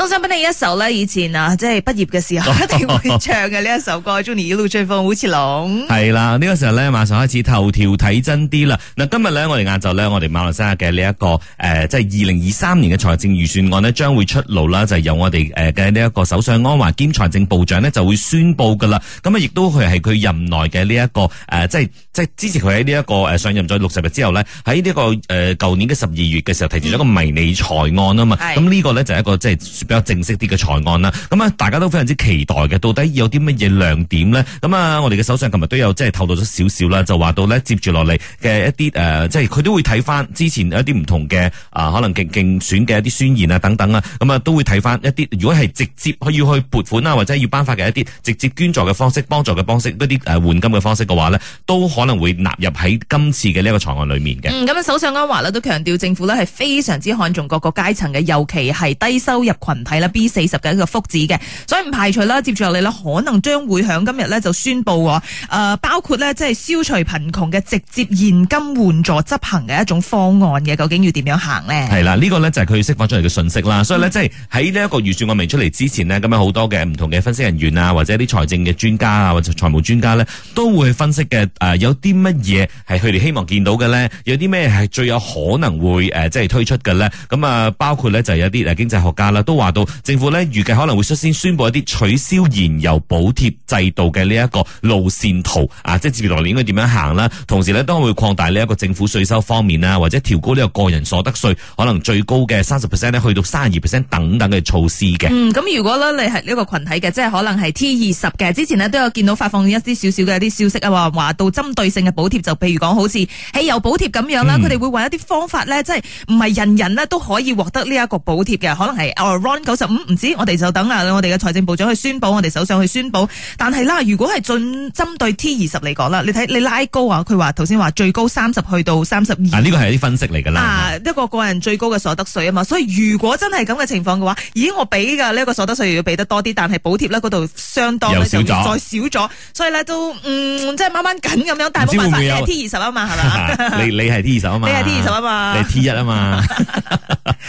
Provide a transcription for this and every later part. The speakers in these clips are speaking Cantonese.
都想俾你一首咧，以前啊，即係畢業嘅時候一定會唱嘅呢一首歌，j 中意一路追風好似龍。係啦，呢、呢個時候咧，馬上開始頭條睇真啲啦。嗱，今日咧，我哋晏晝咧，我哋馬來西亞嘅呢一個誒，即係二零二三年嘅財政預算案呢，將會出爐啦，就係、由我哋誒嘅呢一個首相安華兼財政部長呢，就會宣布噶啦。咁啊、呢個，亦都佢係佢任內嘅呢一個誒，即係即係之前佢喺呢一個誒上任咗六十日之後呢，喺呢、呢個誒舊、呃、年嘅十二月嘅時候，提前咗個迷你財案啊嘛。咁呢、嗯、個呢，就係一個即係。比較正式啲嘅財案啦，咁啊，大家都非常之期待嘅，到底有啲乜嘢亮點呢？咁啊，我哋嘅首相琴日都有即係透露咗少少啦，就話到咧接住落嚟嘅一啲誒、呃，即係佢都會睇翻之前一啲唔同嘅啊、呃，可能競競選嘅一啲宣言啊等等啊，咁啊都會睇翻一啲，如果係直接可以去撥款啊或者要頒發嘅一啲直接捐助嘅方式、幫助嘅方式、一啲誒換金嘅方式嘅話呢，都可能會納入喺今次嘅呢一個草案裡面嘅。咁啊、嗯，首相安華呢，都強調政府呢係非常之看重各個階層嘅，尤其係低收入群。睇啦 B 四十嘅一個福祉嘅，所以唔排除啦，接住落嚟呢，可能將會響今日呢，就宣布，誒、呃，包括呢，即係消除貧窮嘅直接現金援助執行嘅一種方案嘅，究竟要點樣行呢？係啦，呢、這個呢，就係佢釋放出嚟嘅信息啦，所以呢，即係喺呢一個預算案未出嚟之前呢，咁樣好多嘅唔同嘅分析人員啊，或者啲財政嘅專家啊，或者財務專家呢，都會分析嘅，誒，有啲乜嘢係佢哋希望見到嘅呢？有啲咩係最有可能會誒即係推出嘅呢？咁啊，包括呢，就有啲誒經濟學家啦，都話。政府呢，預計可能會率先宣布一啲取消燃油補貼制度嘅呢一個路線圖啊，即係接住來年應該點樣行啦。同時呢，都會擴大呢一個政府稅收方面啊，或者調高呢個個人所得稅可能最高嘅三十 percent 去到三十二 percent 等等嘅措施嘅。咁、嗯、如果咧你係呢一個羣體嘅，即係可能係 T 二十嘅，之前呢，都有見到發放一啲少少嘅一啲消息啊，話話到針對性嘅補貼，就譬如講好似汽油補貼咁樣啦，佢哋、嗯、會揾一啲方法呢，即係唔係人人咧都可以獲得呢一個補貼嘅，可能係九十五唔知，我哋就等啦。我哋嘅財政部長去宣布，我哋首相去宣布。但係啦，如果係進針對 T 二十嚟講啦，你睇你拉高啊，佢話頭先話最高三十去到三十二。啊，呢個係一啲分析嚟噶啦。啊，一個個人最高嘅所得稅啊嘛，所以如果真係咁嘅情況嘅話，咦，我俾嘅呢個所得稅要俾得多啲，但係補貼咧嗰度相當就再少咗，所以咧都嗯即係掹掹緊咁樣，但係冇辦法，你係 T 二十啊嘛，係嘛？你你係 T 二十啊嘛？你係 T 二十啊嘛？你係 T 一啊嘛？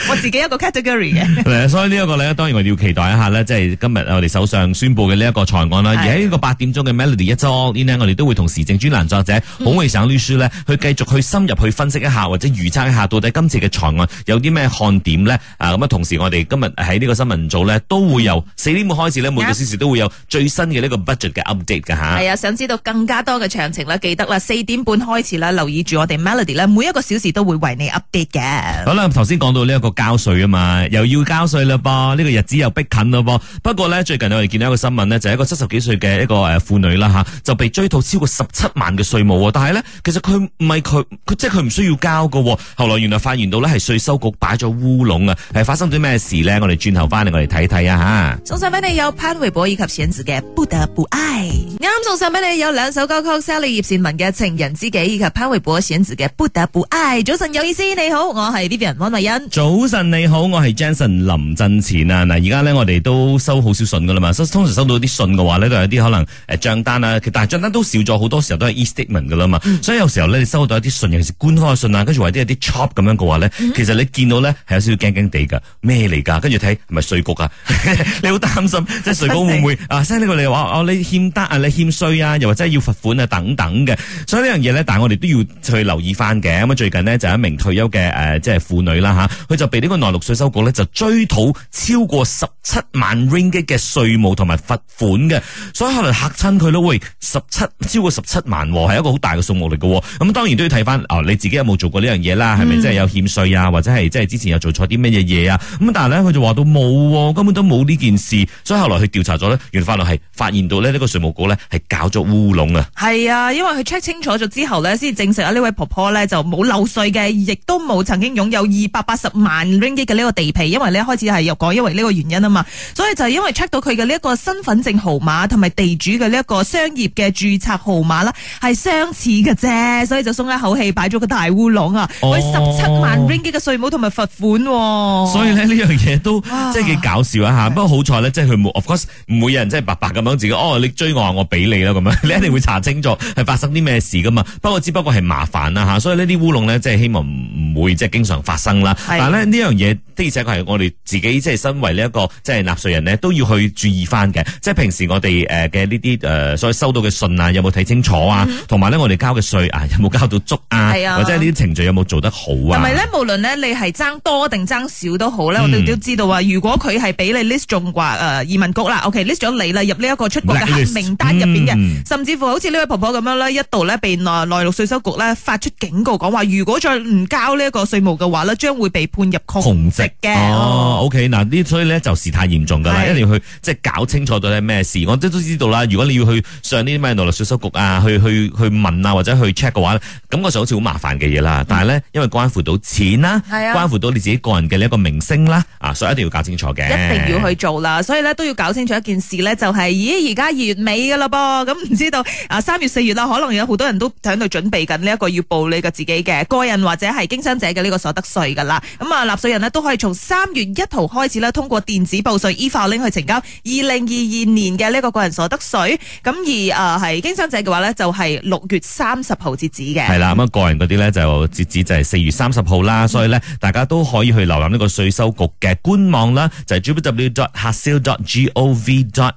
我自己一個 category 嘅。唔係，所以呢？一個呢，當然我哋要期待一下呢，即係今日我哋首相宣布嘅呢一個財案啦。的而喺呢個八點鐘嘅 Melody 一鐘，呢，呢我哋都會同時政專欄作者保維省律師去繼續去深入去分析一下或者預測一下，到底今次嘅財案有啲咩看點呢？啊，咁啊，同時我哋今日喺呢個新聞組呢，都會由四點半開始呢，每個小時都會有最新嘅呢個 budget 嘅 update 噶吓。係啊，想知道更加多嘅詳情呢，記得啦，四點半開始啦，留意住我哋 Melody 呢每一個小時都會為你 update 嘅。好啦，頭先講到呢一個交稅啊嘛，又要交稅啦。吧，呢、這個日子又逼近咯噃。不過呢，最近我哋見到一個新聞呢，就係、是、一個七十幾歲嘅一個誒、呃、婦女啦吓、啊，就被追討超過十七萬嘅稅務。但係呢，其實佢唔係佢，即係佢唔需要交嘅。後來原來發現到咧，係稅收局擺咗烏龍啊！誒，發生啲咩事呢？我哋轉頭翻嚟我哋睇睇啊吓。送上俾你有潘瑋柏以及選自嘅不得不愛，啱送、嗯、上俾你有兩首歌曲，Sally 葉倩文嘅情人知己以及潘瑋柏選自嘅不得不愛。早晨有意思，你好，我係呢邊 Vivian 溫慧欣。早晨你好，我係 Jason 林振。錢啊嗱，而家咧我哋都收好少信噶啦嘛，收通常收到啲信嘅話咧，都有啲可能誒賬單啊，其實但係賬單都少咗，好多時候都係 e-statement 噶啦嘛，嗯、所以有時候咧你收到一啲信，尤其是官開信啊，跟住或者一啲 Chop 咁樣嘅話咧，嗯、其實你見到咧係有少少驚驚地噶，咩嚟噶？跟住睇係咪稅局啊？你好擔心，即係稅局會唔會啊？即係呢個你話哦，你欠得啊，你欠稅啊，又或者要罰款啊等等嘅，所以呢樣嘢咧，但係我哋都要去留意翻嘅。咁啊最近呢，就一名退休嘅誒、呃、即係婦女啦吓，佢就被呢個內陸稅收局咧就追討。超過十七萬 ringgit 嘅稅務同埋罰款嘅，所以後來嚇親佢咯，喂，十七超過十七萬係一個好大嘅數目嚟嘅，咁當然都要睇翻，哦，你自己有冇做過呢樣嘢啦，係咪真係有欠稅啊，或者係即係之前有做錯啲咩嘢嘢啊？咁但係咧佢就話到冇，根本都冇呢件事，所以後來去調查咗呢，原來法律係發現到咧呢個稅務局呢係搞咗烏龍啊，係啊，因為佢 check 清楚咗之後呢，先證實啊呢位婆婆呢就冇漏稅嘅，亦都冇曾經擁有二百八十萬 ringgit 嘅呢個地皮，因為咧一開始係。講因為呢個原因啊嘛，所以就因為 check 到佢嘅呢一個身份證號碼同埋地主嘅呢一個商業嘅註冊號碼啦，係相似嘅啫，所以就鬆一口氣擺咗個大烏龍，哦、啊！佢十七萬 ringgit 嘅稅務同埋罰款，所以咧呢這樣嘢都哇真係幾搞笑啊吓！的不過好彩呢，即係佢冇，of course 唔會有人即係白白咁樣自己的哦，你追我啊，我俾你啦咁樣，你一定會查清楚係發生啲咩事噶嘛！不過只不過係麻煩啦吓，所以呢啲烏龍呢，即係希望唔會即係經常發生啦。的但係咧呢這樣嘢的而且確係我哋自己。即係身為呢一個即係納稅人咧，都要去注意翻嘅。即係平時我哋誒嘅呢啲誒，所以收到嘅信啊，有冇睇清楚啊？同埋咧，我哋交嘅稅啊，有冇交到足啊？或者呢啲程序有冇做得好啊？唔係咧，無論咧你係爭多定爭少都好咧，我哋都知道啊。如果佢係俾你 list 中國移民局啦，OK list 咗你啦，入呢一個出國嘅黑名單入邊嘅，甚至乎好似呢位婆婆咁樣咧，一度咧被內內陸稅收局咧發出警告，講話如果再唔交呢一個稅務嘅話咧，將會被判入窮籍嘅。哦，OK。嗱，呢啲所以咧就事態嚴重噶啦，的一定要去即係、就是、搞清楚到底咩事。我即係都知道啦，如果你要去上呢啲咩內陸稅收局啊，去去去問啊，或者去 check 嘅話，咁嗰時好似好麻煩嘅嘢啦。嗯、但係咧，因為關乎到錢啦、啊，的關乎到你自己個人嘅呢一個名聲啦，啊，所以一定要搞清楚嘅，一定要去做啦。所以呢，都要搞清楚一件事咧、就是，就係咦而家二月尾噶啦噃，咁唔知道啊三月四月啦，可能有好多人都響度準備緊呢一個要報你個自己嘅個人或者係經商者嘅呢個所得稅噶啦。咁啊納稅人呢都可以從三月一號開。開始咧，通過電子報稅 e-Filing 去呈交。二零二二年嘅呢個個人所得稅，咁而誒係、呃、經商者嘅話呢，就係六月三十號截止嘅。係啦，咁啊個人嗰啲呢，就截止就係四月三十號啦，嗯、所以呢，大家都可以去瀏覽呢個稅收局嘅官網啦，就係、是、www.hasil.gov.my，誒、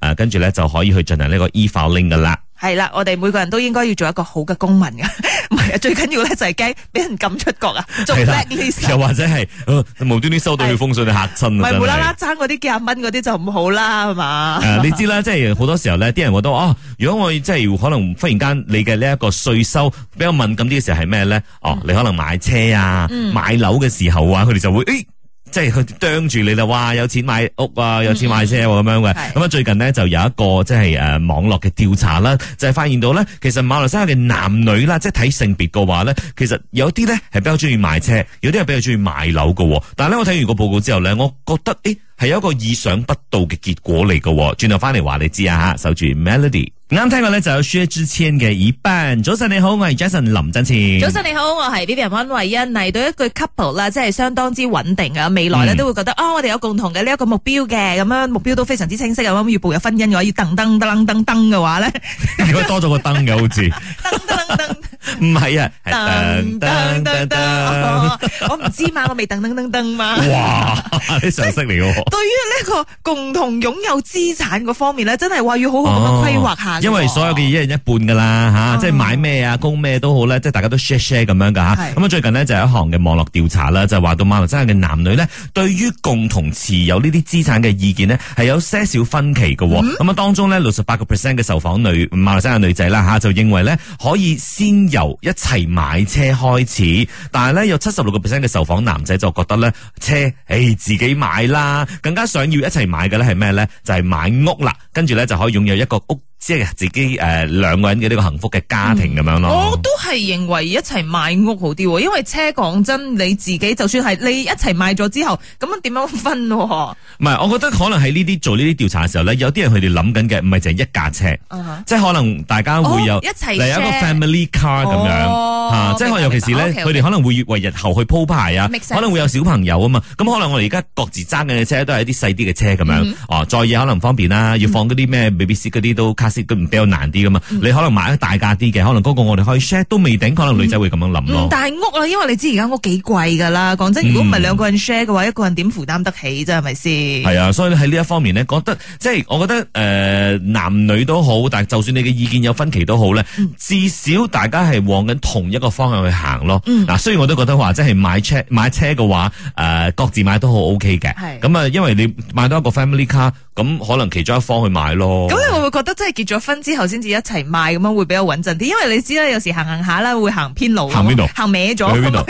啊、跟住呢，就可以去進行呢個 e-Filing 噶啦。係啦，我哋每個人都應該要做一個好嘅公民㗎。唔係啊， 最緊要咧就係驚俾人禁出國啊，做 blacklist 又或者係、呃、無端端收到佢封信，對嚇親啊！唔係無啦啦爭嗰啲幾廿蚊嗰啲就唔好啦，係嘛、呃？你知啦，即係好多時候咧，啲人我都話哦，如果我即係可能忽然間你嘅呢一個稅收比較敏感啲嘅時候係咩咧？哦，你可能買車啊、嗯、買樓嘅時候啊，佢哋就會、欸即係佢啄住你就哇！有錢買屋啊，有錢買車咁、嗯、哼樣嘅。咁啊是，最近呢，就有一個即係誒網絡嘅調查啦，就係、是、發現到咧，其實馬來西亞嘅男女啦，即係睇性別嘅話咧，其實有啲咧係比較鍾意買車，有啲係比較鍾意買樓喎。但係咧，我睇完個報告之後咧，我覺得，誒。係有一個意想不到嘅結果嚟嘅，轉頭翻嚟話你知啊吓，守住 Melody 啱聽過咧就有薛之謙嘅 Eben。早晨你好，我係 Jason 林振千，早晨你好，我係 Vivian 温慧欣嚟到一句 couple 啦，即係相當之穩定啊，未來咧都會覺得啊，我哋有共同嘅呢一個目標嘅，咁樣目標都非常之清晰咁咁要步入婚姻嘅話，要噔噔噔噔噔燈嘅話咧，如果多咗個燈嘅好似。唔係啊，噔噔噔噔，我唔知嘛，我未噔噔噔噔嘛。哇，啲常識嚟嘅。對於呢個共同擁有資產嗰方面咧，真係話要好好咁樣規劃下。因為所有嘅一人一半噶啦吓，即係買咩啊，供咩都好咧，即係大家都 share share 咁樣噶吓。咁啊最近呢就有一項嘅網絡調查啦，就係話到馬來西亞嘅男女呢，對於共同持有呢啲資產嘅意見呢，係有些少分歧嘅。咁啊當中呢，六十八個 percent 嘅受訪女馬來西亞女仔啦吓，就認為呢可以先。由一齊買車開始，但係咧有七十六個 percent 嘅受訪男仔就覺得咧車，誒、哎、自己買啦，更加想要一齊買嘅咧係咩咧？就係、是、買屋啦，跟住咧就可以擁有一個屋。即係自己誒兩個人嘅呢個幸福嘅家庭咁樣咯，我都係認為一齊買屋好啲喎，因為車講真，你自己就算係你一齊買咗之後，咁樣點樣分喎？唔係，我覺得可能喺呢啲做呢啲調查嘅時候咧，有啲人佢哋諗緊嘅唔係淨係一架車，即係可能大家會有一齊車，例如一個 family car 咁樣嚇，即係尤其是咧，佢哋可能會為日後去鋪排啊，可能會有小朋友啊嘛，咁可能我哋而家各自揸緊嘅車都係一啲細啲嘅車咁樣，哦，再嘢可能唔方便啦，要放嗰啲咩未必嗰啲都佢比較難啲噶嘛？嗯、你可能買得大架啲嘅，可能嗰個我哋可以 share 都未頂，可能女仔會咁樣諗咯。但係屋啊，因為你知而家屋幾貴㗎啦。講真，如果唔係兩個人 share 嘅話，嗯、一個人點負擔得起啫？係咪先？係啊，所以喺呢一方面呢，覺得即係我覺得誒、呃、男女都好，但就算你嘅意見有分歧都好咧，嗯、至少大家係往緊同一個方向去行咯。嗱、嗯，雖然我都覺得話即係買車買車嘅話，誒、呃、各自買都好 OK 嘅。咁啊是，因為你買多一個 family car，咁可能其中一方去買咯。咁你會唔會覺得即係咗婚之後先至一齊買咁樣會比較穩陣啲，因為你知啦，有時行行下啦，會行偏路。行邊度？行歪咗。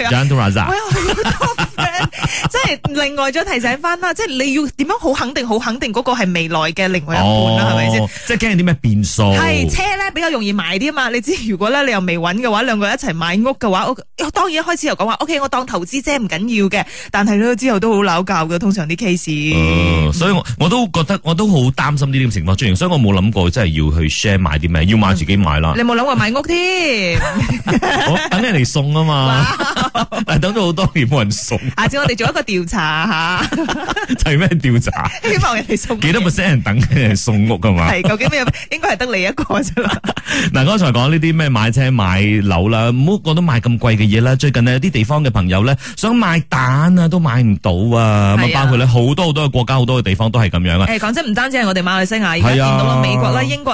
即係 另外再提醒翻啦，即係 你要點樣好肯定、好肯定嗰個係未來嘅另外一半啦，係咪先？是是即係驚啲咩變數？係車咧比較容易買啲啊嘛！你知道如果咧你又未揾嘅話，兩個一齊買屋嘅話，我當然一開始又講話，OK，我當投資啫唔緊要嘅，但係咧之後都好拗教嘅。通常啲 case，、嗯、所以我我都覺得我都好擔心呢啲情況出現，所以我冇諗過真係要。要去 share 買啲咩？要買自己買啦。你冇諗過買屋添，等人嚟送啊嘛！等咗好多年冇人送。下次我哋做一個調查吓，係咩調查？希望人哋送。幾多 percent 等人送屋噶嘛？係究竟咩？應該係得你一個啫。嗱，剛才講呢啲咩買車買樓啦，唔好講到買咁貴嘅嘢啦。最近咧，有啲地方嘅朋友咧想買蛋啊，都買唔到啊。咁啊，包括咧好多好多嘅國家，好多嘅地方都係咁樣啦。誒，講真，唔單止係我哋馬來西亞，而家見到啦，美國啦，英國。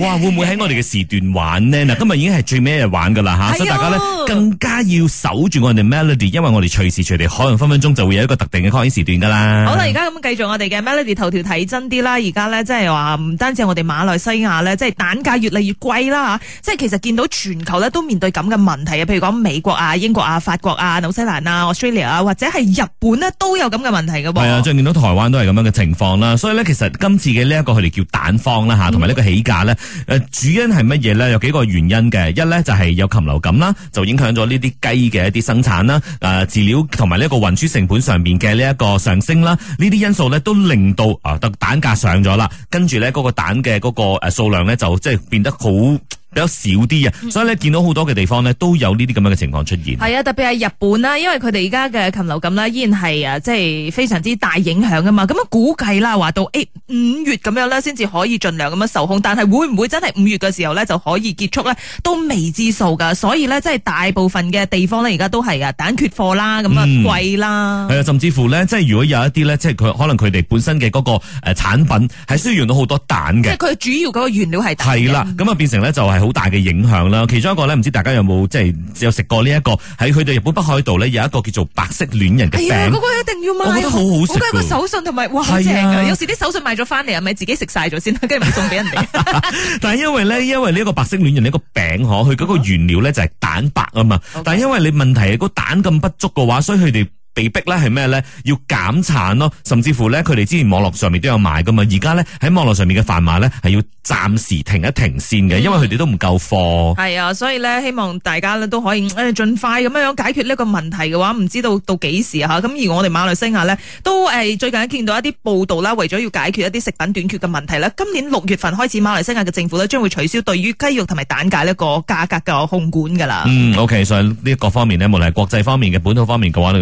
哇！會唔會喺我哋嘅時段玩呢？嗱， 今日已經係最尾日玩噶啦嚇， 所以大家咧 更加要守住我哋 Melody，因為我哋隨時隨地可能分分鐘就會有一個特定嘅開始時段噶啦。好啦，而家咁繼續我哋嘅 Melody 頭條睇真啲啦。而家咧即係話唔單止我哋馬來西亞咧，即係蛋價越嚟越貴啦嚇，即係其實見到全球咧都面對咁嘅問題啊，譬如講美國啊、英國啊、法國啊、紐西蘭啊、Australia 啊，或者係日本呢都有咁嘅問題嘅。係啊，最近見到台灣都係咁樣嘅情況啦，所以咧其實今次嘅呢一個佢哋叫蛋荒啦嚇，同埋呢個起價咧。誒，主因係乜嘢咧？有幾個原因嘅，一咧就係、是、有禽流感啦，就影響咗呢啲雞嘅一啲生產啦，誒、呃，飼料同埋呢個運輸成本上面嘅呢一個上升啦，呢啲因素咧都令到啊，蛋價上咗啦，跟住咧嗰個蛋嘅嗰個誒數量咧就即係變得好。比較少啲啊，所以咧見到好多嘅地方呢，都有呢啲咁樣嘅情況出現。係啊，特別係日本啦，因為佢哋而家嘅禽流感呢，依然係啊，即係非常之大影響㗎嘛。咁啊，估計啦，話到誒五月咁樣呢，先至可以盡量咁樣受控，但係會唔會真係五月嘅時候咧就可以結束咧？都未知數噶。所以咧，即係大部分嘅地方咧而家都係啊蛋缺貨、嗯、啦，咁啊貴啦。係啊，甚至乎咧，即係如果有一啲咧，即係佢可能佢哋本身嘅嗰個誒產品係需要用到好多蛋嘅。即係佢主要嗰個原料係蛋。係啦，咁啊變成咧就係。好大嘅影響啦，其中一個咧，唔知大家有冇即係有食、就是、過呢、這、一個喺佢哋日本北海道咧有一個叫做白色戀人嘅餅，嗰、哎那個一定要買，我覺得好好食，我覺得個手信同埋，哇，正呀、啊！啊、有時啲手信買咗翻嚟啊，咪自己食晒咗先啦，跟住咪送俾人哋。 但係因為咧，因為呢個個白色戀人呢個餅可，佢嗰個原料咧就係蛋白啊嘛，但係因為你問題、係個蛋咁不足嘅話，所以佢哋。被逼咧係咩咧？要減產咯，甚至乎咧，佢哋之前網絡上面都有賣噶嘛，而家咧喺網絡上面嘅販賣咧係要暫時停一停先嘅，因為佢哋都唔夠貨。係啊、嗯，所以咧希望大家咧都可以誒盡快咁樣樣解決呢個問題嘅話，唔知道到幾時吓。咁而我哋馬來西亞咧都誒最近見到一啲報道啦，為咗要解決一啲食品短缺嘅問題啦，今年六月份開始，馬來西亞嘅政府咧將會取消對於雞肉同埋蛋價呢個價格嘅控管噶啦。嗯，OK，所以呢各方面呢，無論係國際方面嘅、本土方面嘅話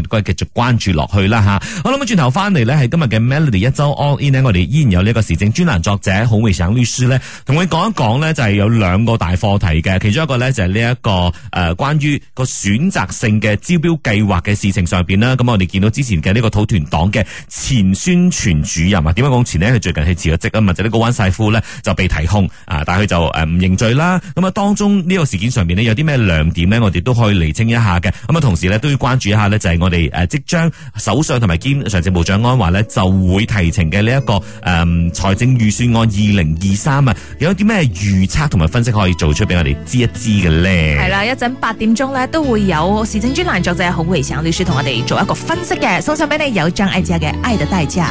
就關注落去啦嚇，我諗轉頭翻嚟呢，係今日嘅 Melody 一周。All In 呢，我哋依然有呢個個時政專欄作者洪偉祥律師呢，同佢講一講呢，就係、是、有兩個大課題嘅，其中一個呢、這個，就係呢一個誒，關於個選擇性嘅招標計劃嘅事情上面啦。咁我哋見到之前嘅呢個土團黨嘅前宣傳主任啊，點樣講前呢佢最近係辭咗職啊嘛，就呢、是、個旺賽夫呢，就被提控啊，但佢就唔認罪啦。咁啊，當中呢個事件上面呢，有啲咩亮點呢？我哋都可以釐清一下嘅。咁啊，同時呢，都要關注一下呢，就係我哋即將首相同埋兼財政部長安華咧，就會提呈嘅呢一個誒財、嗯、政預算案二零二三啊，有啲咩預測同埋分析可以做出俾我哋知一知嘅咧？係啦，一陣八點鐘咧都會有時政專欄作者孔維祥律師同我哋做一個分析嘅，送上俾你有張艾嘉嘅《愛的代價》。